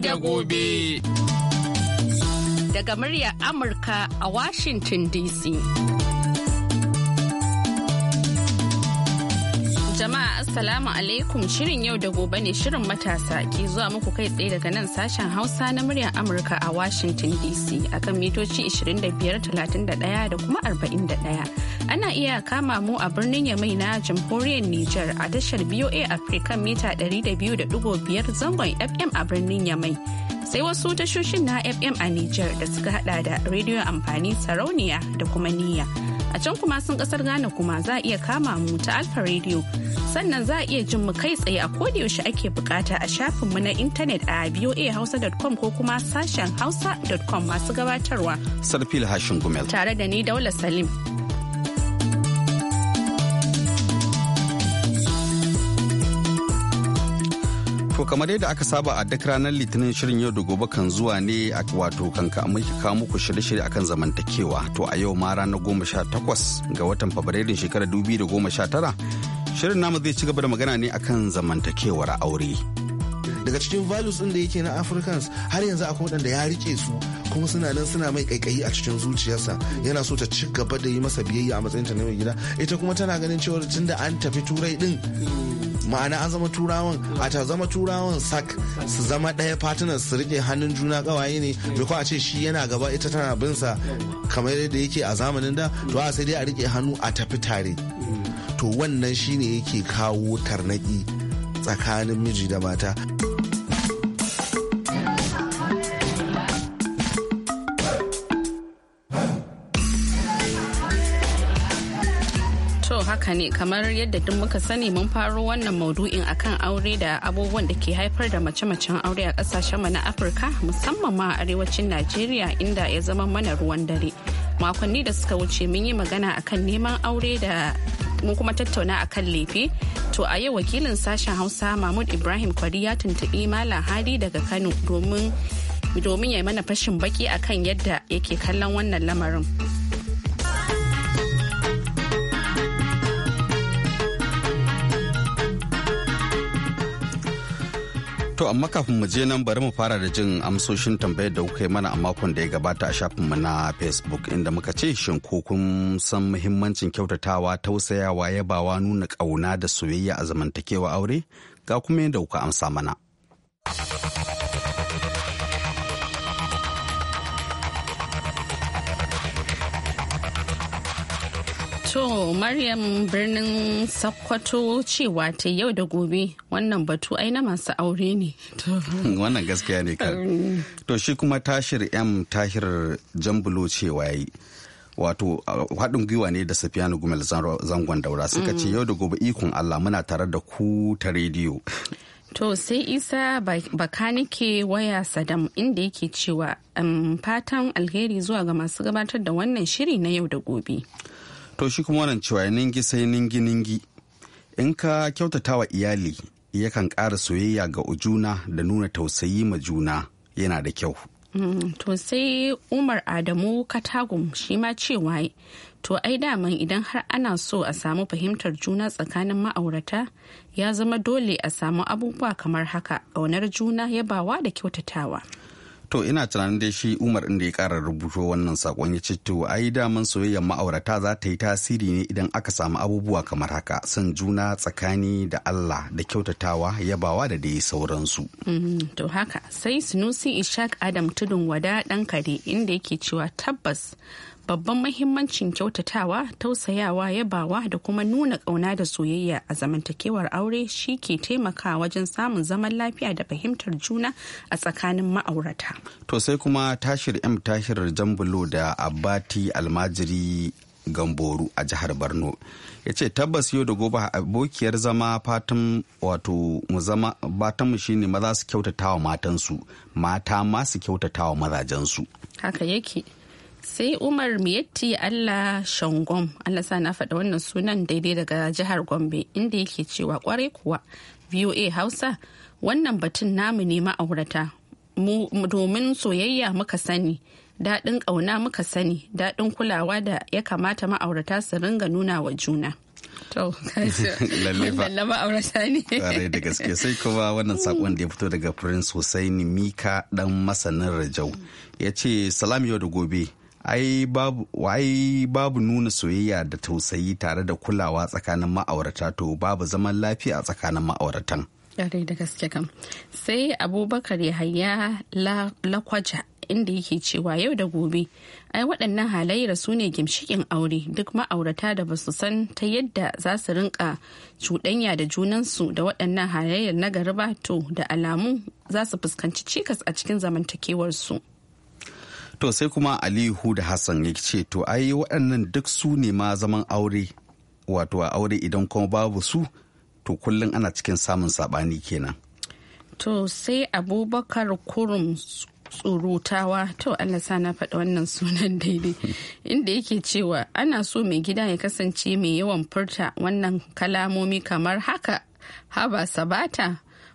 da gobe. Daga muryar Amurka a Washington DC. Jama'a Assalamu alaikum shirin yau da gobe ne shirin matasa ke zuwa muku kai tsaye daga nan sashen Hausa na muryar Amurka a Washington DC akan mitoci 25, 31 da kuma 41. ana iya kama mu a birnin Yamai na jamhuriyar Nijar a tashar BOA Africa mita 200.5 zangon FM a birnin Yamai. Sai wasu tashoshin na FM a Nijar da suka hada da rediyon amfani sarauniya da kuma niyya. A can kuma sun kasar Ghana kuma za a iya kama mu ta Alfa Radio. Sannan za a iya jin mu kai tsaye a yaushe ake bukata a shafin mu na intanet a boahausa.com ko kuma sashen hausa.com masu gabatarwa. Sarfil Hashin Gumel. Tare da ni Daula Salim. To kamar yadda aka saba a duk ranar litinin shirin yau da gobe kan zuwa ne a wato kanka muke kawo muku shirye-shirye akan zamantakewa. To a yau ma ranar goma sha takwas ga watan Fabrairun shekarar dubi da goma sha tara. Shirin namu zai ci gaba da magana ne akan zamantakewar aure. Daga cikin values ɗin da yake na Africans har yanzu akwai waɗanda ya rike su kuma suna nan suna mai kaikayi a cikin zuciyarsa yana so ta ci gaba da yi masa biyayya a matsayin ta na mai gida ita kuma tana ganin cewa tunda an tafi turai ɗin. ma'ana an zama turawan a ta zama turawan sak su zama ɗaya fatina su rike hannun juna ƙawaye ne bai ko a ce shi yana gaba ita tana bin sa kamar yadda yake a zamanin da to a sai dai a rike hannu a tafi tare to wannan shine yake kawo tarnaki tsakanin miji da mata haka ne kamar yadda duk muka sani mun faro wannan maudu'in akan aure da abubuwan da ke haifar da mace-macen aure a kasashen mu na Afirka musamman ma a arewacin Najeriya inda ya zama mana ruwan dare. Makonni da suka wuce mun yi magana akan neman aure da mun kuma tattauna akan lefe to a yau wakilin sashen Hausa Mahmud Ibrahim Kwari ya tuntuɓi Malam Hadi daga Kano domin domin ya mana fashin baki akan yadda yake kallon wannan lamarin. To amma kafin mu je nan bari mu fara da jin amsoshin tambayar da kuka yi mana a makon da ya gabata a shafinmu na Facebook inda muka ce shin ko kun san muhimmancin kyautatawa tausayawa yabawa nuna ƙauna da soyayya a zamantakewa aure ga kuma yadda kuka amsa mana. To Maryam birnin Sakkwato cewa ta yau da gobe wannan batu ai na masu aure ne. Wannan gaskiya ne kan. To shi kuma tashir M tahir Jambulo cewa yi. Wato haɗin gwiwa ne da Safiyanu Gumel zangon daura suka ce mm. yau da gobe ikon Allah muna tare da ku ta rediyo. To sai isa bakanike waya Sadam inda yake cewa fatan alheri zuwa ga masu gabatar da wannan shiri na yau da gobe. to shi kuma wannan cewa ya ningi sai ningi ningi in ka kyautata wa iyali yakan ƙara soyayya ga ujuna da nuna tausayi ma juna yana da kyau mm, to sai umar adamu katagum shi ma cewa to ai daman idan har ana so a samu fahimtar juna tsakanin ma'aurata ya zama dole a samu abubuwa kamar haka ƙaunar juna yabawa da kyautatawa to ina tunanin dai shi umar inda ya kara rubuto wannan sakon ya ce to ai daman soyayyar ma'aurata za ta yi tasiri ne idan aka samu abubuwa kamar haka son juna tsakani da allah da kyautatawa yabawa da dai sauransu mhm, to haka sai sunusi ishaq adam tudun wada dan kare inda yake cewa tabbas babban mahimmancin kyautatawa tausayawa yabawa da kuma nuna ƙauna da soyayya a zamantakewar aure shi ke taimaka wajen samun zaman lafiya da fahimtar juna a tsakanin ma'aurata to sai kuma tashir m tashir jambulo da abati almajiri gamboru a jihar borno ya ce tabbas yau da gobe abokiyar zama fatan wato mu zama batanmu shine maza su kyautatawa matansu mata ma su kyautatawa mazajensu haka yake sai umar miyatti allah shangom allah sa na faɗa wannan sunan daidai daga jihar gombe inda yake cewa kwarai kuwa voa hausa wannan batun namu ne ma'aurata domin soyayya muka sani daɗin ƙauna muka sani daɗin kulawa da ya kamata ma'aurata su ringa nuna wa juna To, Tare da gaske sai kuma wannan sakon da ya fito daga Prince Hussein Mika dan masanin Rajau. Ya ce, Salam yau da gobe, ai babu babu nuna soyayya da tausayi tare da kulawa tsakanin ma'aurata to babu zaman lafiya a tsakanin ma'auratan Yare da gaske kam sai abubakar yahaya lakwaja inda yake cewa yau da gobe ai waɗannan halayyar su ne gimshikin aure duk ma'aurata da basu san ta yadda za su rinka cuɗanya da junansu da waɗannan halayyar na gariba to da alamu za su fuskanci cikas a cikin zamantakewarsu. su to sai kuma alihu da hassan ya ce to ai waɗannan duk su ne ma zaman aure wato a aure idan kuma babu su to kullum ana cikin samun saɓani kenan to sai abubakar kurum tsurutawa to Allah sa na faɗa wannan sunan daidai inda yake cewa ana so mai gida ya kasance mai yawan furta wannan kalamomi kamar haka haba sabata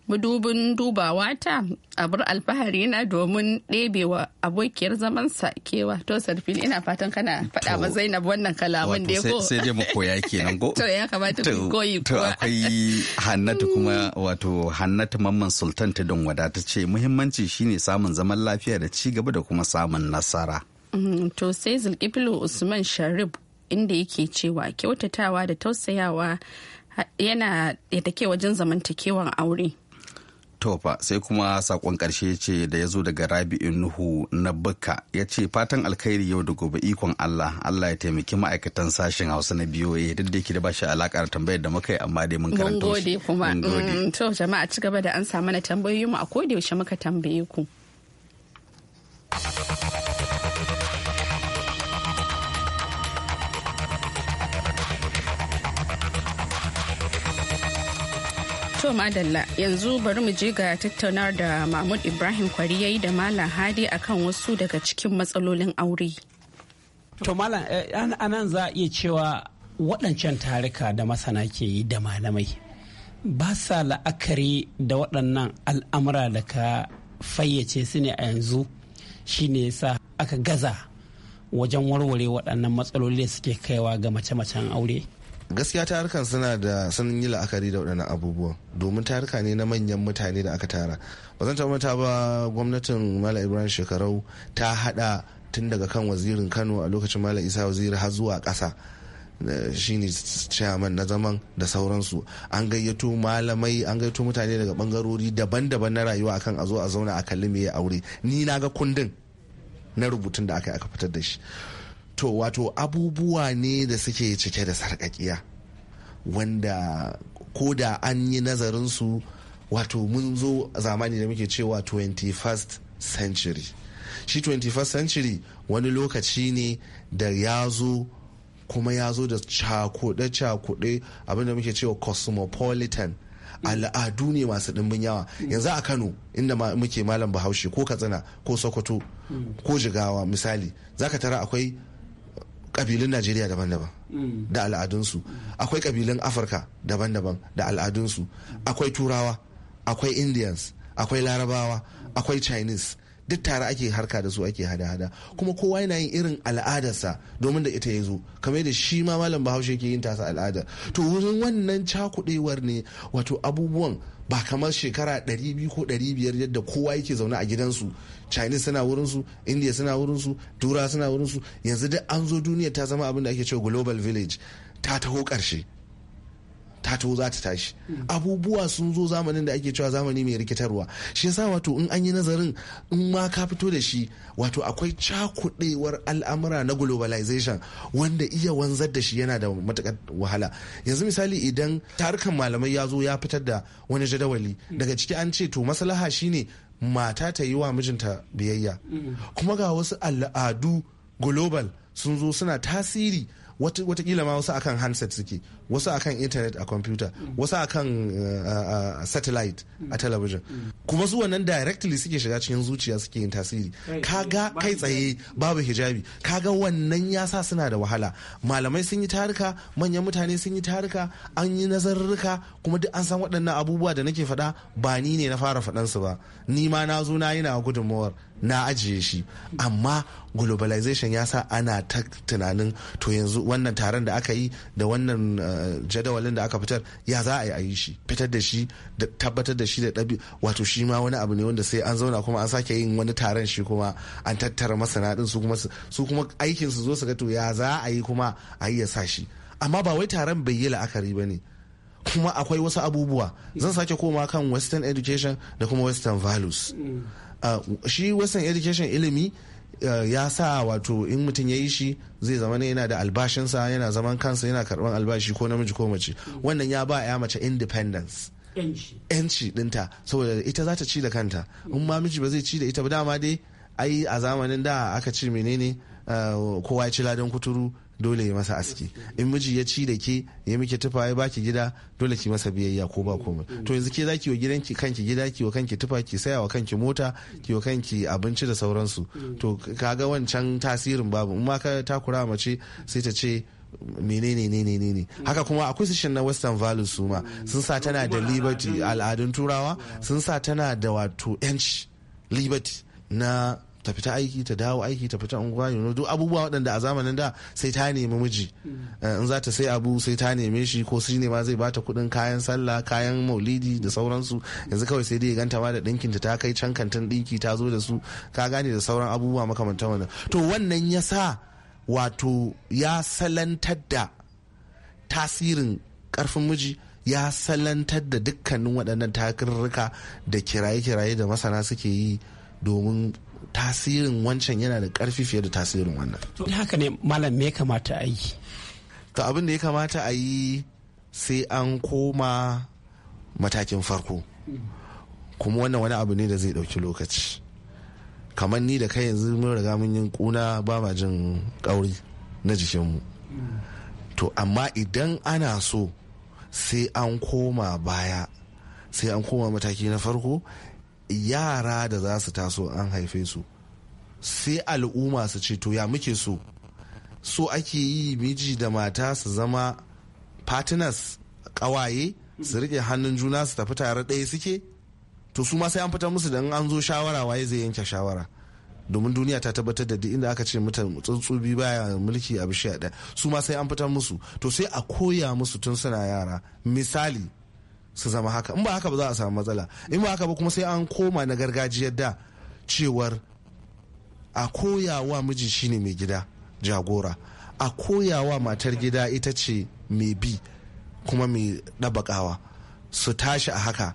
mudubin dubawa ta abar alfahari na domin ɗebewa abokiyar zamansa kewa to sarfil ina fatan kana faɗa ma zainab wannan kalaman da ko sai dai mu koya kenan go to ya kamata ku koyi to akwai hannatu kuma wato hannatu mamman sultan ta don wada ta ce muhimmanci shine samun zaman lafiya da ci gaba da kuma samun nasara mm, to sai zulkifilu usman sharif inda yake cewa kyautatawa da tausayawa yana da take wajen zamantakewan aure tofa sai kuma sakon karshe ce da ya zo daga rabi'in nuhu na bukka ya ce fatan alkhairi yau da gobe ikon allah allah ya taimaki ma'aikatan sashen hausa na ya duk da yake da bashi alakar tambayar da muka yi amma dai mun karanta shi gode kuma mm, to jama'a ci gaba da an samu na tambayoyi mu a koda yaushe muka tambaye ku To Madalla yanzu bari mu je ga tattaunar da Mahmud Ibrahim Kwari yi da Malam Hadi akan wasu daga cikin matsalolin aure. To Malam eh, anan za a iya cewa waɗancan tarika da masana ke yi da malamai ba sa la'akari da waɗannan al'amura da ka fayyace su ne a yanzu shine yasa aka gaza wajen warware waɗannan matsaloli da suke kaiwa ga mace-macen aure. gaskiya tarukan suna da sun yi la'akari da waɗannan abubuwan domin taruka ne na manyan mutane da aka tara ba zan taɓa ba gwamnatin mala ibrahim shekarau ta haɗa tun daga kan wazirin kano a lokacin mala isa waziri har zuwa ƙasa eh, shine chairman na zaman da sauransu an gayyato malamai an gayyato mutane daga bangarori daban-daban na rayuwa akan a zo a zauna a kalli me ya aure ni na ga kundin na rubutun da aka aka fitar da shi to wato abubuwa ne da suke cike da sarƙaƙiya wanda ko da an yi nazarinsu wato mun zo zamani da muke cewa 21st century shi 21st century wani lokaci ne da ya zo kuma ya zo da cakuɗe-cakuɗe abinda muke cewa cosmopolitan al'adu ne masu ɗimbin yawa yanzu a kano inda muke malam bahaushe ko katsina ko sokoto ko jigawa misali zaka tara akwai kabilun najeriya daban-daban da al'adunsu akwai kabilun afirka daban-daban da al'adunsu akwai turawa akwai indians akwai larabawa akwai chinese duk tare ake harka da su ake hada-hada kuma kowa yana yin irin al'adarsa domin da ita ya zo kamar da shi ma malam bahaushe ke yin tasa al'ada to wurin wannan cakudewar ne wato abubuwan ba kamar shekara 200 ko 500 yadda kowa yake zaune a gidansu chinese suna wurin su india suna wurin su tura suna wurin su yanzu duk an zo duniya ta zama abin da ake cewa global village ta taho karshe ta to za ta tashi abubuwa sun zo zamanin da ake cewa zamani mai rikitarwa shi yasa wato in an yi nazarin in ma ka fito da shi wato akwai cakuɗewar al'amura na globalization wanda iya wanzar da shi yana da matuƙar wahala yanzu misali idan tarukan malamai ya zo ya fitar da wani jadawali daga ciki an ce to maslaha shine mata ta yi wa mijinta biyayya mm-hmm. kuma ga wasu al'adu global sun zo suna tasiri watakila ma wasu akan handset suke wasu akan internet a computer wasu akan eh, eh, eh, satellite a television kuma su wannan directly suke shiga cikin zuciya suke yin tasiri kaga kai tsaye babu hijabi kaga wannan ya sa suna da wahala malamai sun yi tarika manyan mutane sun yi tarika an yi nazarruka kuma duk an san waɗannan abubuwa da nake faɗa ba ni ne na fara faɗansu ba ni ma na zo na yi na gudunmawar na ajiye shi amma globalization ya sa ana ta tunanin to yanzu wannan taron da aka yi da wannan eh, jadawalin da aka fitar ya za a yi a shi fitar da shi da tabbatar da shi da ɗabi wato shi ma wani abu ne wanda sai an zauna kuma an sake yin wani taron shi kuma an tattara masana din su kuma su kuma aikin su zo su ga to ya za a yi kuma a yi ya sa shi amma ba wai taron bai yi la'akari ba ne kuma akwai wasu abubuwa zan sake koma kan western education da kuma western values mm. shi wasan education ilimi ya sa wato in mutum ya yi shi zai zama ne yana da albashinsa yana zaman kansa yana karban albashi ko namiji ko mace wannan ya ba ya mace independence yanci dinta saboda ita za ta ci da kanta in ma miji ba zai ci da ita ba dama dai ai a zamanin da aka ci menene kowa ya ci ladan kuturu dole ya masa aski in miji ya ci da ke ya miki tufa ya baki gida dole ki masa biyayya ko ba komai to yanzu ke zaki wa gidanki kanki gida ki wa kanki tufa ki saya wa kanki mota ki wa kanki abinci da sauransu to kaga wancan tasirin babu in ma ka takura mace sai ta ce menene ne ne ne haka kuma acquisition na western values su ma sun sa tana da liberty al'adun turawa sun sa tana da wato yanci liberty na ta fita aiki ta dawo aiki ta fita unguwa you duk abubuwa waɗanda a zamanin da sai ta nemi miji mm. eh, in za ta sai abu sai ta neme shi ko shi ne ma zai bata kuɗin kayan sallah kayan maulidi da sauransu yanzu kawai sai dai ganta ma da ɗinkin ta kai can kantin ɗinki ta zo da su ka gane da sauran abubuwa makamantan wannan to wannan ya sa wato ya salantar da tasirin karfin miji ya salantar da dukkanin waɗannan takarruka da kiraye-kiraye da masana suke yi domin tasirin wancan yana da karfi fiye da tasirin wannan to haka ne malam me kamata a yi to abin da ya kamata a yi sai an koma matakin farko kuma wannan wani abu ne da zai ɗauki lokaci kamar ni da kai yanzu mun riga mun yi kuna ba ma jin kauri na jikinmu to amma idan ana so sai an koma baya sai an koma mataki na farko yara da za su taso an haife su sai al'umma su ce to ya muke so so ake yi miji da mata su zama partners kawaye su rike hannun juna su tafi tare ɗaya suke to su ma sai an fitar musu da an zo shawara waye zai yanke shawara domin duniya ta tabbatar da inda aka ce mutan tsuntsu biyu baya mulki a bishiya ɗaya su ma sai an fitar musu to sai a koya musu tun suna yara misali su zama haka in ba haka ba za a samu matsala in ba haka ba kuma sai an koma na gargajiyar da cewar a koyawa miji shine mai gida jagora a koyawa matar gida ita ce mai bi kuma mai ɗabakawa su tashi a haka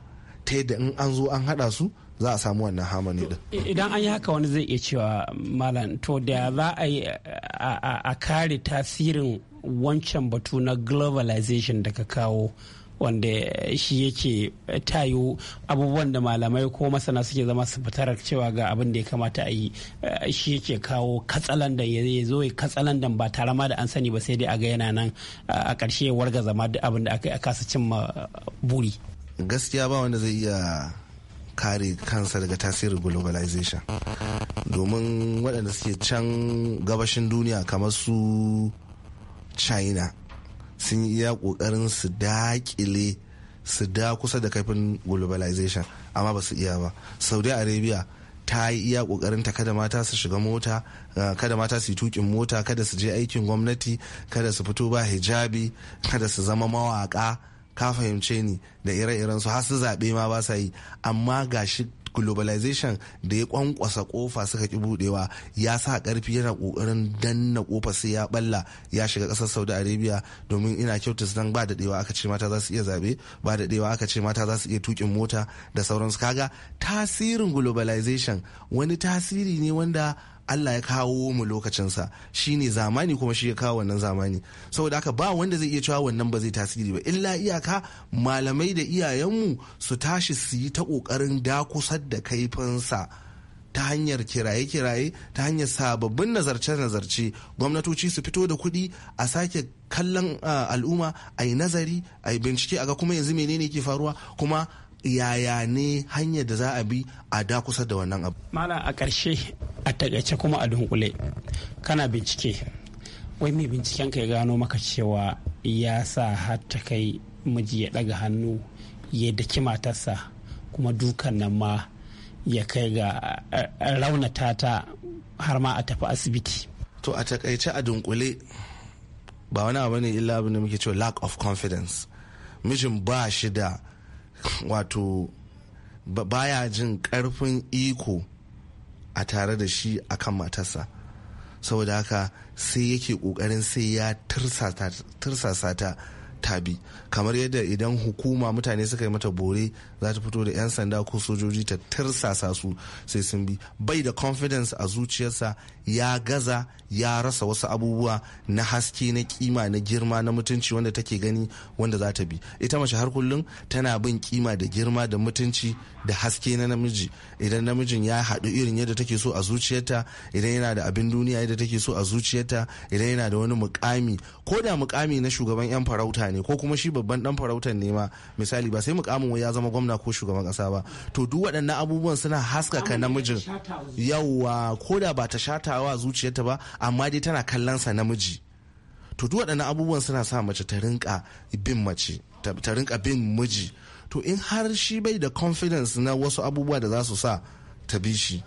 ta yadda in an zo an haɗa su za a samu wannan hamani din. Idan an yi haka wani zai iya cewa malam to da za a yi a kare tasirin wancan batu na globalization da ka kawo wanda shi yake tayo abubuwan da malamai ko masana suke zama su fitar cewa ga abin da ya kamata a yi eh, shi yake kawo katsalandan ya zo ya katsalandan ba tare ma da an sani ba sai dai a ga yana nan eh, a ƙarshe ya warga zama duk abin da aka kasa cin kasa cimma eh, buri gaskiya ba wanda zai iya kare kansa daga tasirin globalization domin waɗanda suke can gabashin duniya kamar su china sun yi iya kokarin su daƙile su da kusa da kafin globalization amma ba su iya ba saudi arabia ta yi iya kokarin ta kada mata su shiga mota kada mata su yi tukin mota kada su je aikin gwamnati kada su fito ba hijabi kada su zama mawaka ka fahimce ni da ire-iren su har su zaɓe ma ba sa yi amma gashi globalization da ya kwankwasa kofa suka ki budewa ya sa karfi yana kokarin danna kofa sai ya balla ya shiga kasar saudi arabia domin ina kyauta nan ba da daɗewa aka ce mata za su iya zaɓe ba da daɗewa aka ce mata za su iya tukin mota da sauransu kaga tasirin globalization wani tasiri ne wanda Allah ya kawo mu lokacinsa shi ne zamani kuma shi ya kawo wannan zamani saboda haka ba wanda zai iya cewa wannan ba zai tasiri ba illa iyaka malamai da iyayenmu su tashi su yi ta da dakusar da kaifinsa ta hanyar kiraye-kiraye ta hanyar sababbin nazarce-nazarce gwamnatoci su fito da kuɗi a sake kallon ah, al'umma a yi nazari a yi bincike a ga kuma yanzu menene ke faruwa kuma yaya ne hanyar da za a bi a da kusa da wannan abu mala a ƙarshe a takaice kuma a dunkule kana bincike wai mai binciken ka ya gano maka cewa ya sa har ta kai miji ya ɗaga hannu ya daki matarsa kuma dukan nan ma ya kai ga raunata ta har ma a tafi asibiti to a taƙaice a dunkule ba wani abu ne illa abin da muke cewa lack of confidence mijin ba shi da wato baya jin karfin iko a tare da shi a kan matarsa saboda haka sai yake kokarin sai ya tursasa ta tabi kamar yadda idan hukuma mutane suka yi mata bore za ta fito da 'yan sanda ko sojoji ta tirsasa su sai sun bi bai da confidence a zuciyarsa ya gaza ya rasa wasu abubuwa na haske na kima na girma na mutunci wanda take gani wanda za ta bi ita mace har kullum tana bin kima da girma da mutunci da haske na namiji idan namijin ya haɗu irin yadda take so a zuciyarta idan yana da abin duniya yadda take so a zuciyarta idan yana da wani mukami ko da mukami na shugaban 'yan farauta ne ko kuma shi babban dan farautan ne ma misali ba sai mukamin ya zama gwamnati gwamna ko shugaban kasa ba to duk waɗannan abubuwan suna haskaka namijin yawwa ko da ba ta shatawa zuciyarta ba amma dai tana kallonsa namiji to duk waɗannan abubuwan suna sa mace ta rinka bin mace ta rinka bin miji to in har shi bai da confidence na wasu abubuwa da za su sa ta bi shi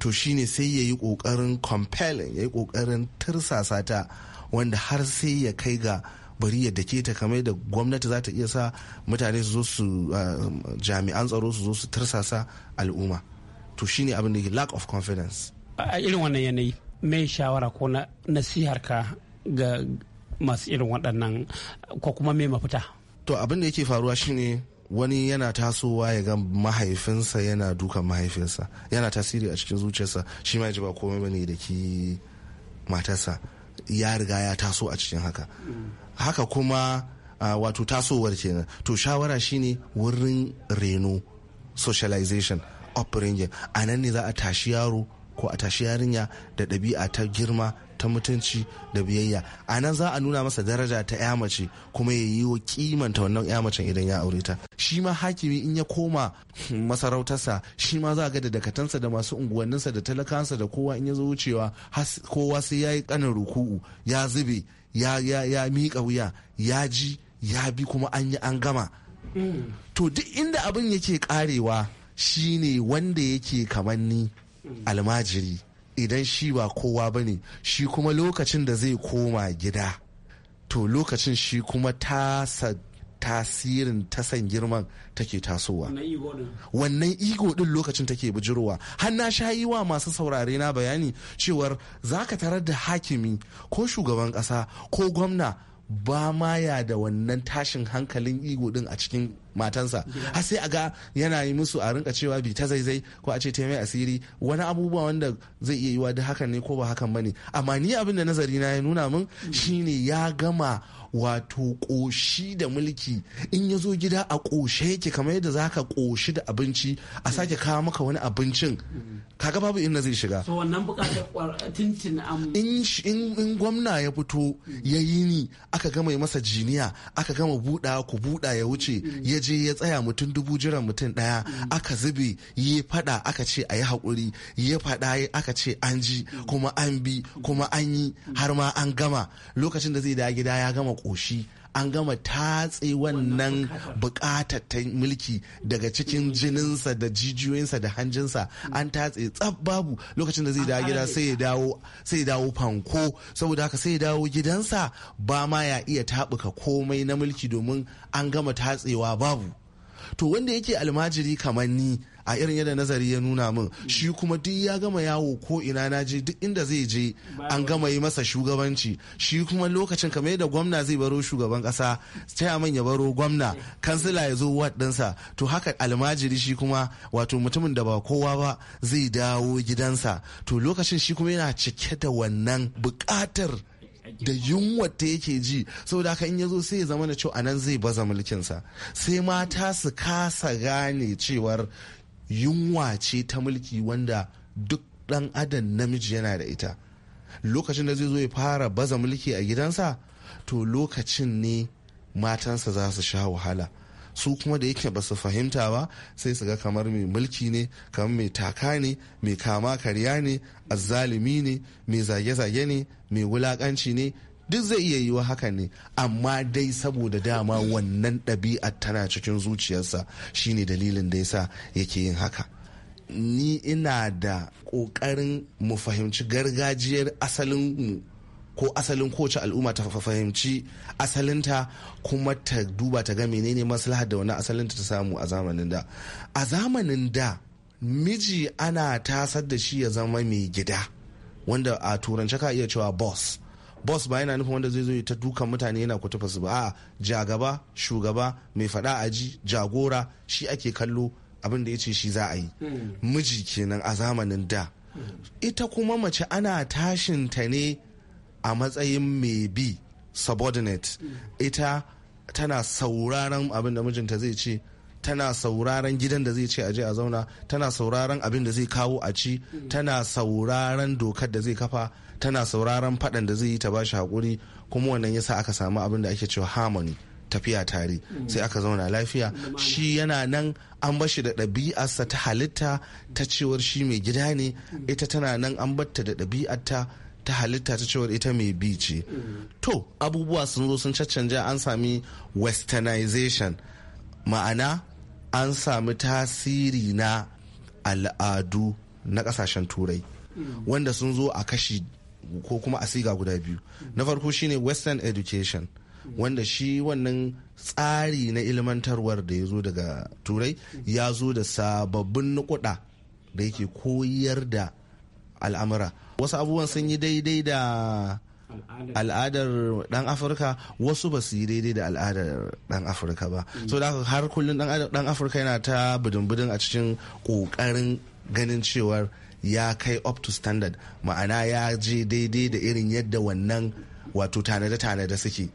to shine sai ya yi ƙoƙarin compelling ya yi ƙoƙarin tirsasa ta wanda har sai ya kai ga bari ya ke ta kamar da gwamnati za ta iya sa mutane su zo su ah, jami'an tsaro su zo su tarsasa al'umma to shine abin da lack of confidence a irin wannan yanayi mai shawara ko na nasiharka ga masu irin waɗannan ko kuma mai mafita to abin da yake faruwa shine wani yana tasowa ya ga mahaifinsa yana dukan mahaifinsa yana tasiri a cikin zuciyarsa shi ma ji ba komai bane da ki matarsa ya riga ya taso a cikin haka mm. haka kuma wato tasowar kenan to shawara shine wurin reno socialization upbringing a nan ne za a tashi yaro ko a tashi yarinya da ɗabi'a ta girma ta mutunci da biyayya a nan za a nuna masa daraja ta ya mace kuma ya yi wa kimanta wannan ya macen idan ya aure ta shi ma hakimi in ya koma masarautarsa shi ma za a ga da dakatansa da masu unguwanninsa da talakansa da kowa in ya zo wucewa kowa sai ya yi kanin ruku'u ya zube ya ya ya miƙa wuya ya ji ya bi kuma an yi an gama to duk inda abin yake karewa shine wanda yake kamanni almajiri idan shi ba kowa ba ne shi kuma lokacin da zai koma gida to lokacin shi kuma tasa tasirin tasan girman take tasowa wannan ego din lokacin take bujirowa har na shayi wa masu saurare na bayani cewar zaka tarar da hakimi ko shugaban kasa ko gwamna ba ma ya da wannan tashin hankalin ego din a cikin matansa har sai a ga yana yi musu a rinka cewa bi ta zaizai ko a ce ta mai asiri wani abubuwa wanda zai iya yiwa da hakan ne ko ba hakan bane amma ni abin da nazari na ya nuna min mm. shine ya gama wato koshi da mulki in ya zo gida a koshe yake kamar yadda za ka koshi da abinci a sake mm. kawo maka wani abincin mm. kaga babu inda zai shiga so wannan bukatar tintin in gwamna ya fito ya yi ni aka gama masa jiniya aka gama buɗa ku buɗa ya wuce ya je ya tsaya mutum dubu jiran mutum daya mm. aka zube ya fada aka ce a yi haƙuri ya fada aka ce an ji mm. kuma an bi kuma an yi mm. har ma an gama lokacin da zai da gida ya gama ƙoshi an gama tatse wannan bukatar ta mulki daga cikin jininsa da jijiyoyinsa da hanjinsa hmm. an tatse tsab babu lokacin da zai dawo gida sai ya dawo fanko saboda haka sai ya dawo gidansa ba ma ya iya tabuka komai na mulki domin an gama tatsewa babu to wanda yake almajiri kamar ni a irin yadda nazari ya nuna min shi kuma duk ya gama yawo ko ina na je duk inda zai je an gama yi masa shugabanci shi kuma lokacin kamar yadda gwamna zai baro shugaban kasa chairman ya baro gwamna kansila ya zo waɗansa to haka almajiri shi kuma wato mutumin da ba kowa ba zai dawo gidansa to lokacin shi kuma yana cike da wannan buƙatar da yunwa ta yake ji saboda haka in ya zo sai ya zama da cewa anan zai baza mulkin sa sai mata su kasa gane cewar yunwa ce ta mulki wanda duk dan adam namiji yana da ita lokacin da zai zo ya fara baza mulki a gidansa to lokacin ne matansa za su sha wahala su kuma da yake ba su fahimta ba sai su ga kamar mai mulki ne kamar mai taka ne mai kama karya ne azalimi ne mai zage-zage ne mai wulakanci ne duk zai iya yiwa haka ne amma dai saboda dama wannan ɗabi'ar tana cikin zuciyarsa shine dalilin da yasa yake yin haka ni ina da ƙoƙarin mu fahimci gargajiyar asalin mu ko asalin kowace al'umma ta fahimci asalinta kuma ta duba ta ga menene maslaha da wani asalinta ta samu a zamanin da a zamanin da miji ana tasar da shi ya zama mai gida wanda a turance ka iya cewa boss boss ba yana nufin wanda zai zo ta dukan mutane yana kutufa su ba a jagaba shugaba mai fada aji jagora shi ake kallo abin da ya ce shi za a yi hmm. miji kenan a zamanin da hmm. ita kuma mace ana tashin ta ne a matsayin mai bi subordinate ita tana sauraron abin da mijinta zai ci tana sauraron gidan da zai ce aje a zauna tana sauraron abin da zai kawo a ci tana sauraron dokar da zai kafa tana sauraron faɗan da zai yi ta bashi hakuri kuma wannan yasa aka samu abin da ake cewa harmony tafiya tare sai aka zauna lafiya shi yana nan an bashi da ɗabi'arsa ta halitta ta cewar shi mai gida ne ita tana nan an batta da ɗabi'arta ta halitta ta cewar ita mai bi ce to abubuwa sun zo sun caccanja an sami westernization ma'ana an sami tasiri na al'adu na kasashen turai wanda sun zo a kashi ko kuma a siga guda biyu na farko shine western education wanda shi wannan tsari na ilmantarwar da ya zo daga turai ya zo da sababbin nukuda da yake koyar da al'amura wasu abubuwan sun yi daidai da al'adar dan afirka wasu ba su yi daidai da al'adar dan afirka ba so da har kullum dan afirka yana ta budin a cikin kokarin ganin cewar ya kai up to standard ma'ana ya je daidai da irin yadda wannan wato tanada tanada suke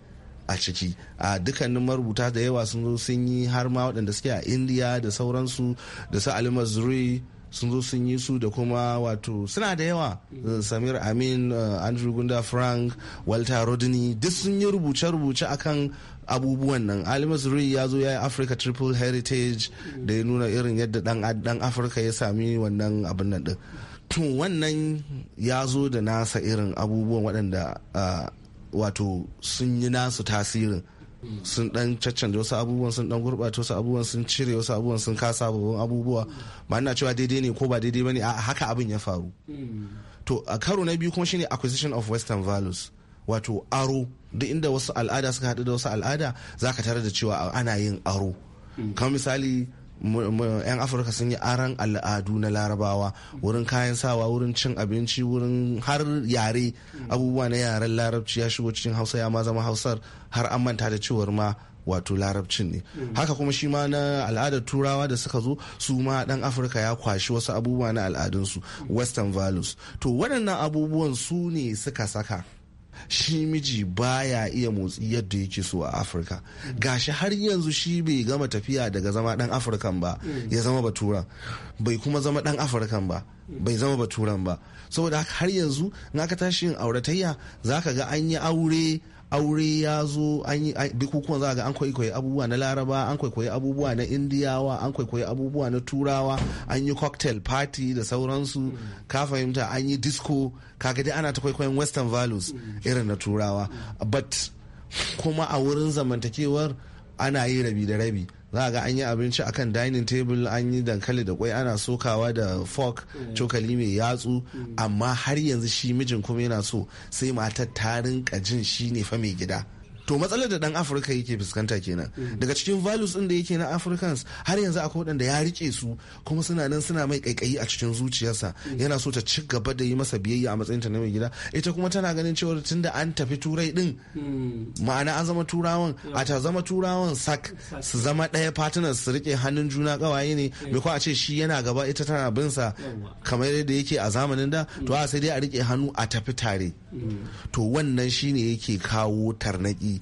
a ciki a dukkanin marubuta da yawa sun sun yi har ma waɗanda suke a india da sauransu da su alimazuri sun zo sun yi su da kuma wato suna da yawa mhm. eh, samir amin eh, andrew gunda frank walter rodney duk sun yi rubuce-rubuce akan abubuwan nan alimus rui ya zo ya yi africa triple heritage mhm. da ya nuna irin yadda dan afirka ya sami wannan abin nan din tun wannan ya zo da nasa irin abubuwan waɗanda eh, wato sun yi nasu tasirin sun dan caccanje wasu abubuwan sun dan gurbata wasu abubuwan sun cire wasu abubuwan sun kasa babban abubuwa ba ina cewa daidai ne ko ba daidai bane a haka abin ya faru to a karo na biyu kuma shine acquisition of western values wato aro duk inda wasu al'ada suka hadu da wasu al'ada zaka tare da cewa ana yin aro kamar misali 'yan afirka sun yi aran al'adu na larabawa wurin kayan sawa wurin cin abinci wurin har yare abubuwa na yaren larabci ya shigo cikin hausa ya ma zama hausar har an manta da cewar ma wato larabcin ne mm. haka kuma shi ma na al'adar turawa da suka zo su ma dan afirka ya kwashi wasu abubuwa na al'adunsu western values to waɗannan abubuwan su ne suka saka shi miji baya iya motsi yadda yake so a afirka gashi har yanzu shi bai gama tafiya daga zama dan afirkan ba ya zama baturan bai kuma zama dan afirkan ba bai zama baturan ba saboda har yanzu in aka tashi yin auratayya za ka ga an yi aure aure ya zo an yi bukukuwan za ga an kwaikwayi abubuwa na laraba an kwaikwayi abubuwa na indiyawa an kwaikwayi abubuwa na turawa an yi cocktail party da sauransu ka fahimta an yi disco kaga dai ana ta kwaikwayon western values irin na turawa but kuma a wurin zamantakewar ana yi rabi da rabi za a ga an yi abinci akan dining table an yi dankali da kwai ana sokawa da fork mm. cokali mai yatsu mm. amma har yanzu shi mijin kuma yana so sai matar ta rinka jin shi ne fa mai gida to matsalar da dan afirka yake fuskanta kenan daga cikin values din da yake na africans har yanzu akwai waɗanda ya rike su kuma suna nan suna mai kaikayi a cikin zuciyarsa yana so ta ci gaba da yi masa biyayya a matsayin ta na mai gida ita kuma tana ganin cewa tunda an tafi turai din hmm. ma'ana an zama turawan a ta zama turawan sak su zama ɗaya partners su rike hannun juna kawaye ne eh. mai kwa a ce shi yana gaba ita tana bin sa kamar yadda yake a zamanin da to a sai dai a rike hannu a tafi tare to wannan shine yake kawo tarnaki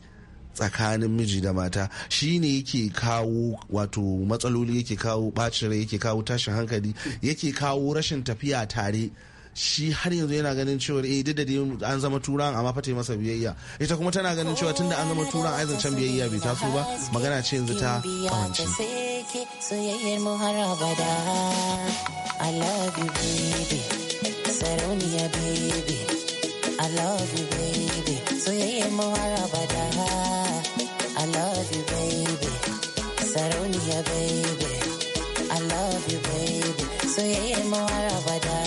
tsakanin miji da mata shi ne yake kawo wato matsaloli yake kawo bacin yake kawo tashin hankali yake kawo rashin tafiya tare shi har yanzu yana ganin cewa eh duk da an zama turan amma fata masa biyayya ita kuma tana ganin cewa tunda an zama turan ai zancen biyayya bai taso ba magana ce yanzu ta kawance I love you, baby. so Soyayyen mu har abada. I love you, baby. Sarauniya, baby. I love you, baby. Soyayyen mu har abada.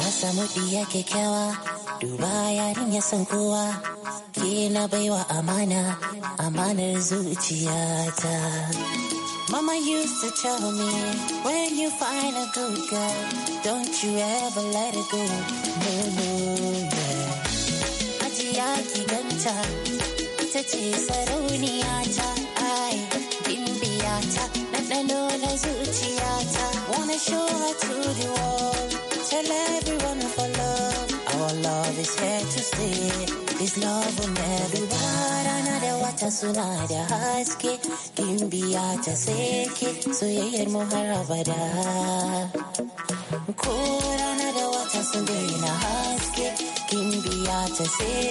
Na samu ɗiya kyakkyawa. Duba yarin ya san kowa. Ke na baiwa amana, amanar zuciyata. Mama used to tell me, when you find a good girl, don't you ever let it go. No, no, yeah. Aji yaki ganta, ita ce sarauniya ta, ai, gimbiya ta, ɗanɗano na zuciya ta. Wanna show her to the world, tell everyone for love, our love is here to stay. This love will never rana da wata suna da haske gimbiya ta seke soyayyar mu har abada ko rana da wata sun daina haske gimbiya ta seke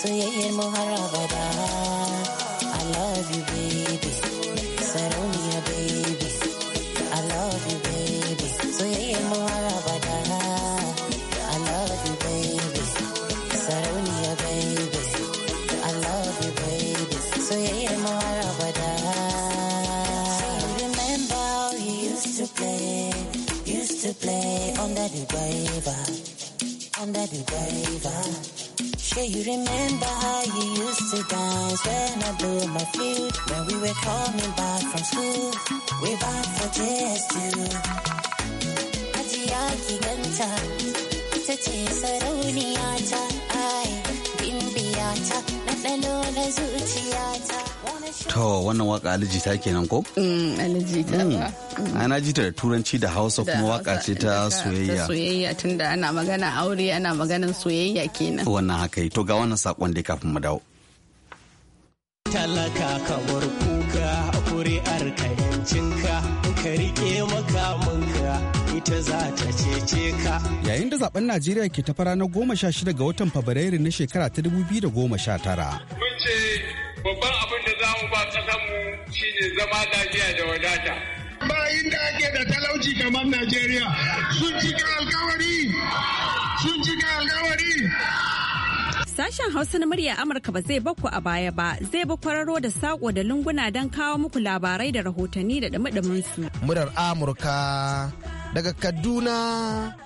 soyayyar mu har abada I love you baby I'm Betty Davis. Sure you remember how you used to dance when I blew my flute. When we were coming back from school, we vibed for just two. Ajiyaki ganta, ita ce sarauniya ta, ai, bimbiyata. ɗanɗano na To wannan waka aliji ta kenan ko? Mm, aliji mm. ba. Mm. Ana jita da turanci da hausa kuma waka ce ta soyayya. Soyayya tunda ana magana aure ana maganan soyayya kenan. Wannan haka yi to ga wannan sakon dai kafin mu dawo. Talaka ka bar kuka kuri'ar ka yancinka ka rike makamanka. ita za ta cece ka. Yayin da zaben Najeriya ke ta fara na goma sha shida ga watan Fabrairu na shekara ta dubu biyu da goma sha tara. Mun ce babban abin da za mu ba ƙasanmu ne zama lafiya da wadata. Bayin da ake da talauci kamar Najeriya sun cika alkawari sun cika alkawari. Sashen Hausa na murya Amurka ba zai bakwa a baya ba, zai ba kwararo da sako da lunguna don kawo muku labarai da rahotanni da dumi su. Murar Amurka daga Kaduna.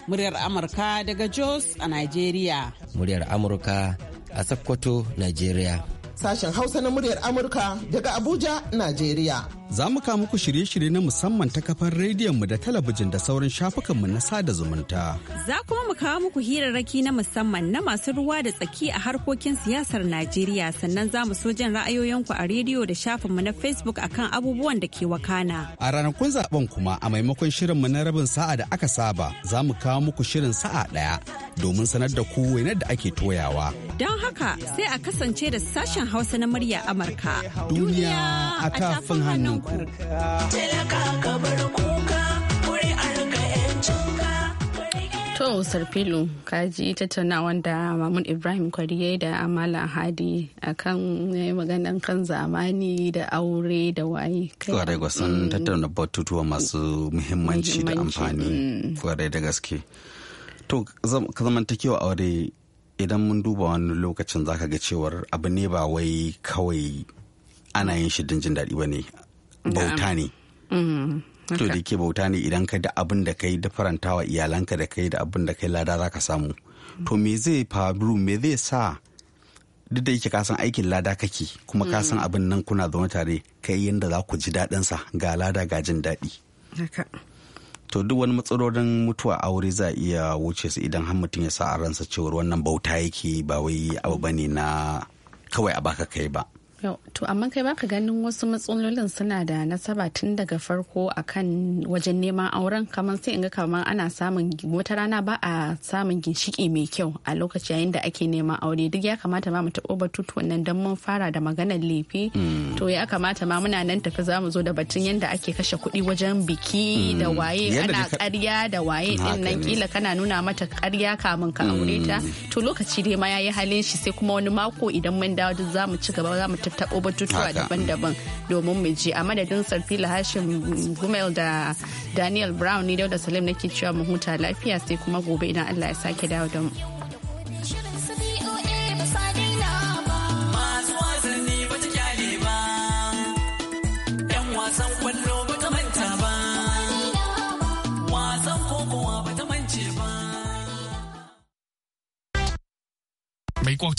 Muryar Amurka daga Jos a Najeriya. Muryar Amurka a Sokoto, Najeriya. Sashen Hausa na muryar Amurka daga Abuja, Najeriya. Za mu kawo muku shirye-shirye na musamman ta kafar rediyonmu da talabijin da sauran shafukanmu na sada zumunta. Za kuma mu kawo muku hirarraki na musamman na masu ruwa da tsaki a harkokin siyasar Najeriya sannan za mu so jin ra'ayoyinku a rediyo da shafinmu na Facebook akan abubuwan da ke wakana. A ranakun zaben kuma a maimakon shirinmu na rabin sa'a da aka saba za mu kawo muku shirin sa'a ɗaya domin sanar da ku wainar da ake toyawa. Don haka sai a kasance da sashen Hausa na murya Amurka. Duniya a tafin hannu. ku. To Sarfilu ka ji tattaunawan da Ibrahim Kwariye da Amala Hadi a kan eh, maganan kan zamani da aure da waye. Kwarai ga mm. tattauna batutuwa masu muhimmanci da amfani mm. kwarai da gaske. To ka zamantakewa aure idan mun duba wani lokacin zaka ga cewar abu ne ba wai kawai ana yin shi don jin daɗi ba ne bauta ne mm-hmm. to da ke bauta ne idan ka da abin da kai da farantawa iyalanka da kai da abin da kai lada za ka samu to me zai faru me zai sa duk da yake kasan aikin lada kake kuma kasan mm. abin nan kuna zaune tare kai yadda za ku ji daɗin sa ga lada ga jin daɗi to duk wani matsalolin mutuwa aure za a iya wuce su idan har mutum ya sa a ransa cewar wannan bauta yake ba wai abu bane na kawai a baka kai ba kyau to amma kai baka ganin wasu matsalolin suna da nasaba tun daga farko akan wajen neman auren kamar sai in ga kamar ana samun wata rana ba a samun ginshiki mai kyau a lokaci yayin da ake neman aure duk ya kamata ma mu taɓo batutu nan don mun fara da maganar lefi mm. to ya kamata ma muna nan tafi za mu zo da batun yadda ake kashe kuɗi wajen biki mm. da waye ana ƙarya da waye din nan kila kana nuna mata ƙarya kamun ka aure ta mm. to lokaci dai ma yayi halin shi sai kuma wani mako idan mun dawo duk za mu ci gaba za mu tafi taɓo batutuwa daban-daban domin mu ji a madadin sarfi hashim gumel da daniel brown ne da salim nake cewa mu huta lafiya sai kuma gobe idan allah ya sake dawo da mu Make kwa